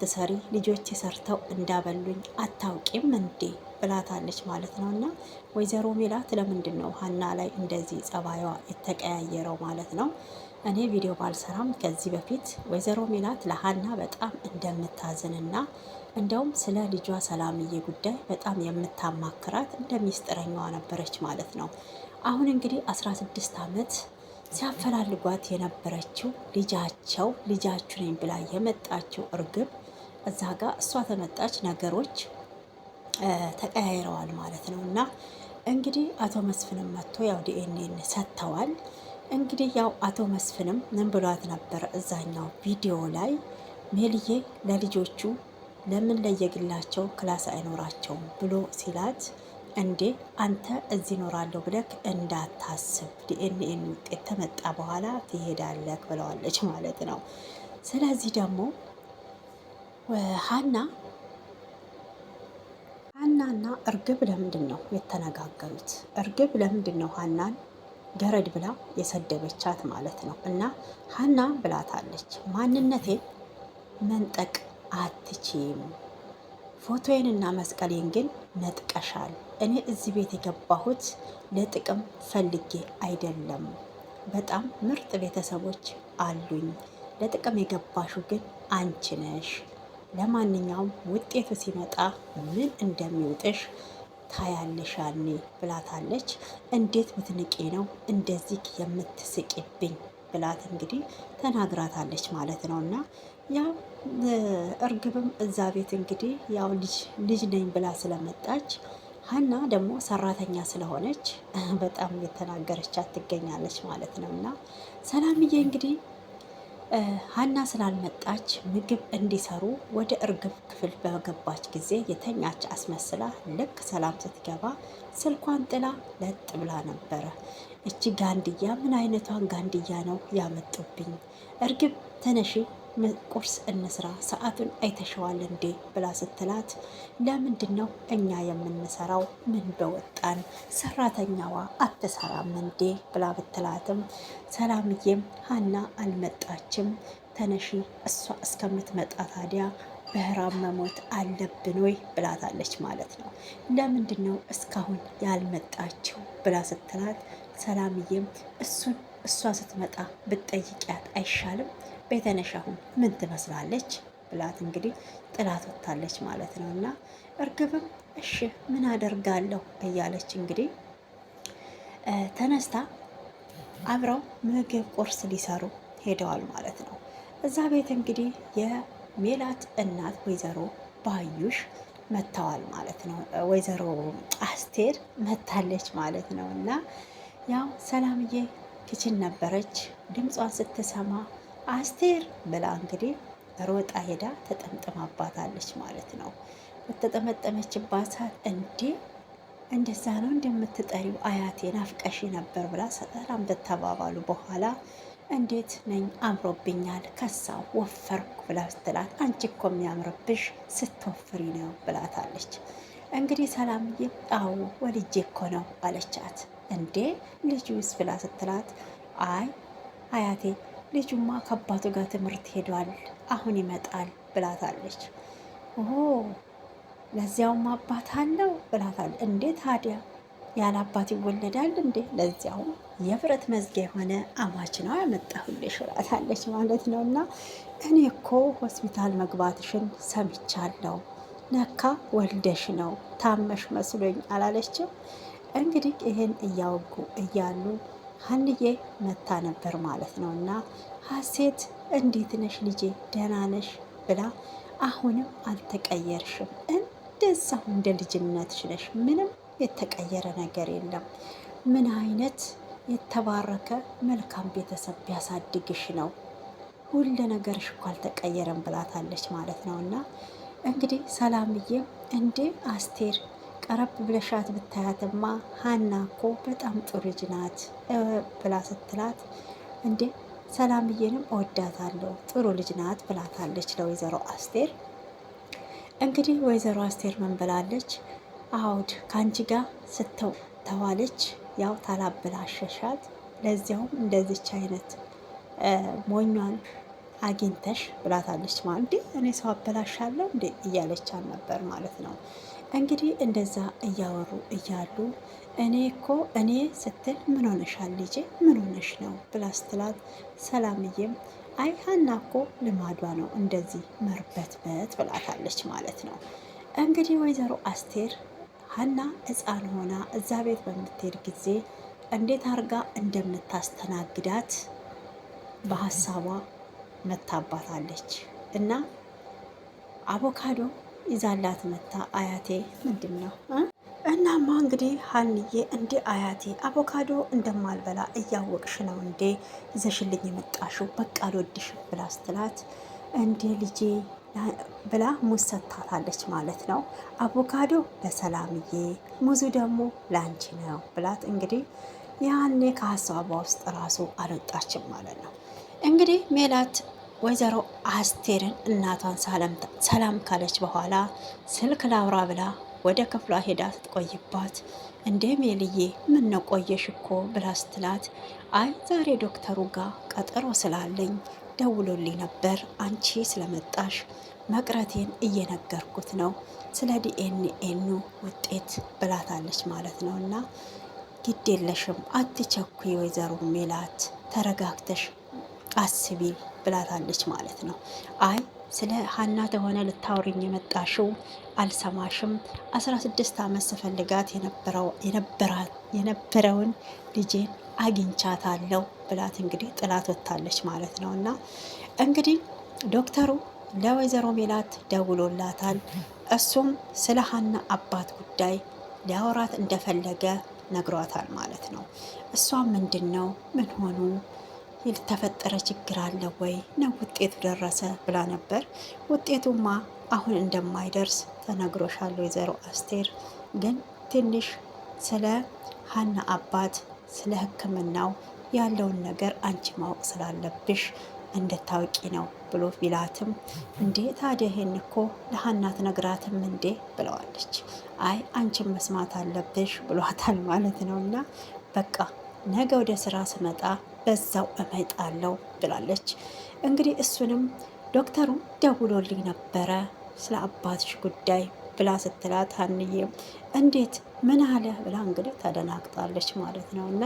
ትሰሪ ልጆች ሰርተው እንዳበሉኝ አታውቂም እንዴ ብላታለች ማለት ነው። እና ወይዘሮ ሜላት ለምንድን ነው ሀና ላይ እንደዚህ ጸባይዋ የተቀያየረው ማለት ነው? እኔ ቪዲዮ ባልሰራም ከዚህ በፊት ወይዘሮ ሜላት ለሀና በጣም እንደምታዝንና እንደውም ስለ ልጇ ሰላምዬ ጉዳይ በጣም የምታማክራት እንደሚስጥረኛዋ ነበረች ማለት ነው። አሁን እንግዲህ 16 ዓመት ሲያፈላልጓት የነበረችው ልጃቸው ልጃችሁ ነኝ ብላ የመጣችው እርግብ እዛ ጋር እሷ ተመጣች ነገሮች ተቀያይረዋል ማለት ነው። እና እንግዲህ አቶ መስፍንም መጥቶ ያው ዲኤንኤን ሰጥተዋል። እንግዲህ ያው አቶ መስፍንም ምን ብሏት ነበር እዛኛው ቪዲዮ ላይ ሜልዬ ለልጆቹ ለምን ለየግላቸው ክላስ አይኖራቸውም ብሎ ሲላት እንዴ አንተ እዚህ ኖራለሁ ብለክ እንዳታስብ ዲኤንኤን ውጤት ተመጣ በኋላ ትሄዳለክ ብለዋለች ማለት ነው። ስለዚህ ደግሞ ሀና ሀናና እርግብ ለምንድን ነው የተነጋገሩት? እርግብ ለምንድን ነው ሀናን ገረድ ብላ የሰደበቻት ማለት ነው? እና ሀና ብላታለች፣ ማንነቴን መንጠቅ አትችም፣ ፎቶዬንና መስቀሌን ግን ነጥቀሻል። እኔ እዚህ ቤት የገባሁት ለጥቅም ፈልጌ አይደለም። በጣም ምርጥ ቤተሰቦች አሉኝ። ለጥቅም የገባሹ ግን አንቺ ነሽ ለማንኛውም ውጤቱ ሲመጣ ምን እንደሚውጥሽ ታያለሽ ያኔ ብላታለች። እንዴት ብትንቄ ነው እንደዚህ የምትስቂብኝ ብላት እንግዲህ ተናግራታለች ማለት ነው። እና ያው እርግብም እዛ ቤት እንግዲህ ያው ልጅ ልጅ ነኝ ብላ ስለመጣች ሀና ደግሞ ሰራተኛ ስለሆነች በጣም የተናገረቻት ትገኛለች ማለት ነው። እና ሰላምዬ እንግዲህ ሀና ስላልመጣች ምግብ እንዲሰሩ ወደ እርግብ ክፍል በገባች ጊዜ የተኛች አስመስላ ልክ ሰላም ስትገባ ስልኳን ጥላ ለጥ ብላ ነበረ። እቺ ጋንድያ ምን አይነቷን ጋንድያ ነው ያመጡብኝ? እርግብ ተነሺ ቁርስ እንስራ ሰዓቱን አይተሸዋል እንዴ ብላ ስትላት፣ ለምንድን ነው እኛ የምንሰራው? ምን በወጣን ሰራተኛዋ አትሰራም እንዴ ብላ ብትላትም፣ ሰላምዬም ሀና አልመጣችም፣ ተነሺ እሷ እስከምትመጣ ታዲያ በህራም መሞት አለብን ወይ ብላታለች ማለት ነው። ለምንድን ነው እስካሁን ያልመጣችው ብላ ስትላት፣ ሰላምዬም እሱን እሷ ስትመጣ ብትጠይቂያት አይሻልም? ቤተነሽ ምን ትመስላለች ብላት እንግዲህ ጥላት ወጥታለች ማለት ነው። እና እርግብም እሺ ምን አደርጋለሁ እያለች እንግዲህ ተነስታ አብረው ምግብ ቁርስ ሊሰሩ ሄደዋል ማለት ነው። እዛ ቤት እንግዲህ የሜላት እናት ወይዘሮ ባዩሽ መጥተዋል ማለት ነው። ወይዘሮ አስቴር መታለች ማለት ነው እና ያው ሰላምዬ ኪችን ነበረች። ድምጿን ስትሰማ አስቴር ብላ እንግዲህ ሮጣ ሄዳ ተጠምጥማባታለች ማለት ነው። በተጠመጠመችባት ሰዓት እንዴ እንደዛ ነው እንደምትጠሪው አያቴ ናፍቀሽ ነበር ብላ ሰላም በተባባሉ በኋላ እንዴት ነኝ አምሮብኛል፣ ከሳ ወፈርኩ ብላ ስትላት አንቺ እኮ የሚያምርብሽ ስትወፍሪ ነው ብላታለች። እንግዲህ ሰላም አዎ ወልጄ እኮ ነው አለቻት። እንዴ ልጁስ ብላ ስትላት አይ አያቴ ልጁማ ከአባቱ ጋር ትምህርት ሄዷል፣ አሁን ይመጣል ብላታለች። ኦ ለዚያውም አባት አለው ብላታል። እንዴ ታዲያ ያለ አባት ይወለዳል እንዴ? ለዚያውም የብረት መዝጊያ የሆነ አማች ነው ያመጣሁልሽ ብላታለች ማለት ነው። እና እኔ እኮ ሆስፒታል መግባትሽን ሰምቻለሁ ነካ ወልደሽ ነው ታመሽ መስሎኝ አላለችም። እንግዲህ ይህን እያወጉ እያሉ ሀንዬ መታ ነበር ማለት ነው። እና ሀሴት እንዴት ነሽ ልጄ ደህና ነሽ ብላ አሁንም አልተቀየርሽም፣ እንደዛው እንደ ልጅነትሽ ነሽ፣ ምንም የተቀየረ ነገር የለም። ምን አይነት የተባረከ መልካም ቤተሰብ ቢያሳድግሽ ነው ሁሉ ነገርሽ እኮ አልተቀየረም ብላታለች ማለት ነው እና እንግዲህ ሰላም ብዬ እንዴ አስቴር ቀረብ ብለሻት ብታያትማ ሀና እኮ በጣም ጥሩ ልጅ ናት ብላ ስትላት፣ እንዴ ሰላምዬንም እወዳታለሁ ጥሩ ልጅ ናት ብላታለች ለወይዘሮ አስቴር። እንግዲህ ወይዘሮ አስቴር ምን ብላለች? አውድ ከአንቺ ጋር ስተው ተዋለች ያው ታላብላ አሸሻት። ለዚያውም እንደዚች አይነት ሞኟን አግኝተሽ ብላታለች። ማለት እኔ ሰው አበላሻለሁ እንዴ እያለች ነበር ማለት ነው። እንግዲህ እንደዛ እያወሩ እያሉ እኔ እኮ እኔ ስትል ምን ሆነሻል ልጄ ምን ሆነሽ ነው ብላ ስትላት፣ ሰላምዬም አይ ሀና እኮ ልማዷ ነው እንደዚህ መርበትበት ብላታለች ማለት ነው። እንግዲህ ወይዘሮ አስቴር ሀና ሕፃን ሆና እዛ ቤት በምትሄድ ጊዜ እንዴት አድርጋ እንደምታስተናግዳት በሀሳቧ መታባታለች እና አቮካዶ ይዛላት መታ አያቴ ምንድን ነው እናማ እንግዲህ ሀንዬ እንዴ አያቴ አቮካዶ እንደማልበላ እያወቅሽ ነው እንዴ ይዘሽልኝ የመጣሽው በቃ አልወድሽም ብላ ስትላት እንዴ ልጄ ብላ ሙዝ ሰታታለች ማለት ነው። አቮካዶ ለሰላምዬ ሙዙ ደግሞ ለአንቺ ነው ብላት እንግዲህ ያኔ ከሀሳቧ ውስጥ ራሱ አልወጣችም ማለት ነው እንግዲህ ሜላት ወይዘሮ አስቴርን እናቷን ሰላም ካለች በኋላ ስልክ ላውራ ብላ ወደ ክፍሏ ሄዳ ስትቆይባት እንደ ሜልዬ ምን ነው ቆየሽ እኮ ብላ ስትላት፣ አይ ዛሬ ዶክተሩ ጋር ቀጠሮ ስላለኝ ደውሎልኝ ነበር አንቺ ስለመጣሽ መቅረቴን እየነገርኩት ነው ስለ ዲኤንኤኑ ውጤት ብላታለች ማለት ነው። እና ግድ የለሽም አትቸኩይ ወይዘሮ ሜላት ተረጋግተሽ አስቢ ብላታለች ማለት ነው። አይ ስለ ሀና ተሆነ ልታውርኝ የመጣሽው አልሰማሽም። አስራ ስድስት አመት ስፈልጋት የነበረውን ልጄን አግኝቻታለሁ ብላት እንግዲህ ጥላት ወጥታለች ማለት ነው። እና እንግዲህ ዶክተሩ ለወይዘሮ ሜላት ደውሎላታል። እሱም ስለ ሀና አባት ጉዳይ ሊያወራት እንደፈለገ ነግሯታል ማለት ነው። እሷም ምንድን ነው ምን ሆኑ የተፈጠረ ችግር አለ ወይ ነው ውጤቱ ደረሰ ብላ ነበር። ውጤቱማ አሁን እንደማይደርስ ተነግሮሻል ወይዘሮ አስቴር። ግን ትንሽ ስለ ሀና አባት ስለ ሕክምናው ያለውን ነገር አንቺ ማወቅ ስላለብሽ እንድታውቂ ነው ብሎ ቢላትም፣ እንዴ ታዲያ ይሄን እኮ ለሀና ትነግራትም እንዴ ብለዋለች። አይ አንቺን መስማት አለብሽ ብሏታል ማለት ነው። እና በቃ ነገ ወደ ስራ ስመጣ በዛው እመጣለሁ ብላለች። እንግዲህ እሱንም ዶክተሩ ደውሎልኝ ነበረ ስለ አባትሽ ጉዳይ ብላ ስትላት ሀንዬ እንዴት ምን አለ ብላ እንግዲህ ተደናግጣለች ማለት ነው እና